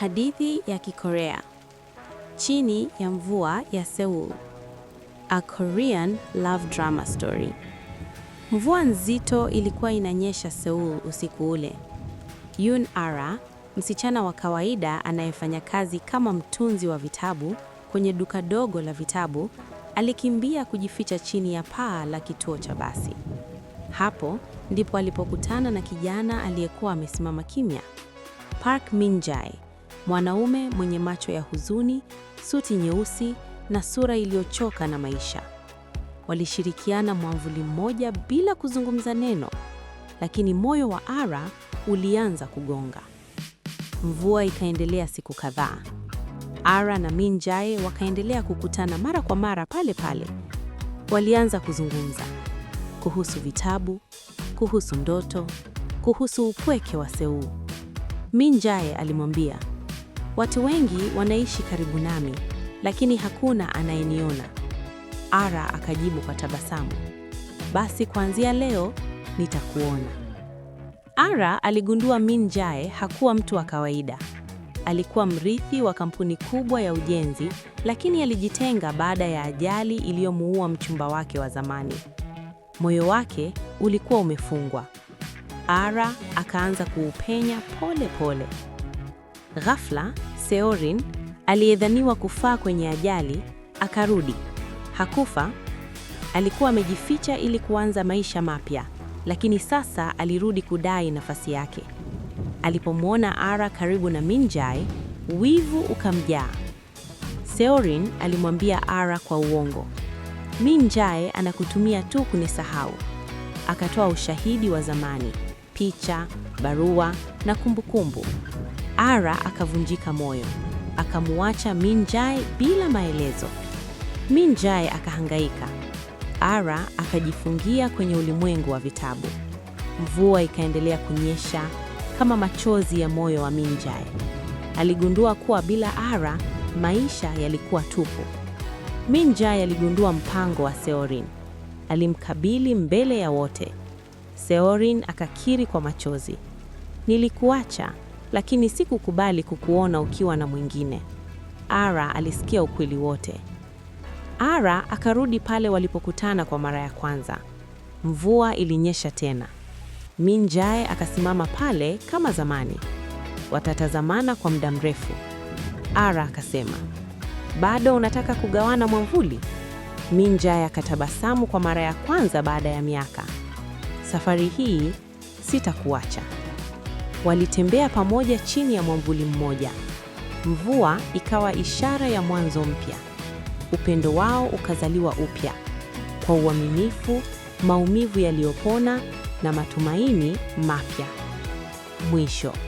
Hadithi ya Kikorea. Chini ya mvua ya Seoul. A Korean love drama story. Mvua nzito ilikuwa inanyesha Seoul usiku ule. Yun Ara, msichana wa kawaida anayefanya kazi kama mtunzi wa vitabu kwenye duka dogo la vitabu, alikimbia kujificha chini ya paa la kituo cha basi. Hapo ndipo alipokutana na kijana aliyekuwa amesimama kimya, Park min mwanaume mwenye macho ya huzuni, suti nyeusi na sura iliyochoka na maisha. Walishirikiana mwamvuli mmoja bila kuzungumza neno, lakini moyo wa Ara ulianza kugonga. Mvua ikaendelea siku kadhaa. Ara na Minjae wakaendelea kukutana mara kwa mara pale pale. Walianza kuzungumza kuhusu vitabu, kuhusu ndoto, kuhusu upweke wa Seuu. Minjae alimwambia, Watu wengi wanaishi karibu nami, lakini hakuna anayeniona. Ara akajibu kwa tabasamu, basi kuanzia leo nitakuona. Ara aligundua Min Jae hakuwa mtu wa kawaida. Alikuwa mrithi wa kampuni kubwa ya ujenzi, lakini alijitenga baada ya ajali iliyomuua mchumba wake wa zamani. Moyo wake ulikuwa umefungwa. Ara akaanza kuupenya pole pole. Ghafla Seorin aliyedhaniwa kufaa kwenye ajali akarudi. Hakufa, alikuwa amejificha ili kuanza maisha mapya, lakini sasa alirudi kudai nafasi yake. Alipomwona Ara karibu na Minjae, wivu ukamjaa. Seorin alimwambia Ara kwa uongo, Minjae anakutumia tu kunisahau. Akatoa ushahidi wa zamani, picha, barua na kumbukumbu. Ara akavunjika moyo, akamwacha minjai bila maelezo. minjai akahangaika, Ara akajifungia kwenye ulimwengu wa vitabu. Mvua ikaendelea kunyesha kama machozi ya moyo wa minjai Aligundua kuwa bila Ara maisha yalikuwa tupu. minjai aligundua mpango wa Seorin, alimkabili mbele ya wote. Seorin akakiri kwa machozi, nilikuacha lakini sikukubali kukuona ukiwa na mwingine. Ara alisikia ukweli wote. Ara akarudi pale walipokutana kwa mara ya kwanza. Mvua ilinyesha tena. Minjae akasimama pale kama zamani. Watatazamana kwa muda mrefu. Ara akasema, bado unataka kugawana mwamvuli? Minjae akatabasamu kwa mara ya kwanza baada ya miaka. Safari hii sitakuacha. Walitembea pamoja chini ya mwamvuli mmoja. Mvua ikawa ishara ya mwanzo mpya. Upendo wao ukazaliwa upya kwa uaminifu, maumivu yaliyopona na matumaini mapya. Mwisho.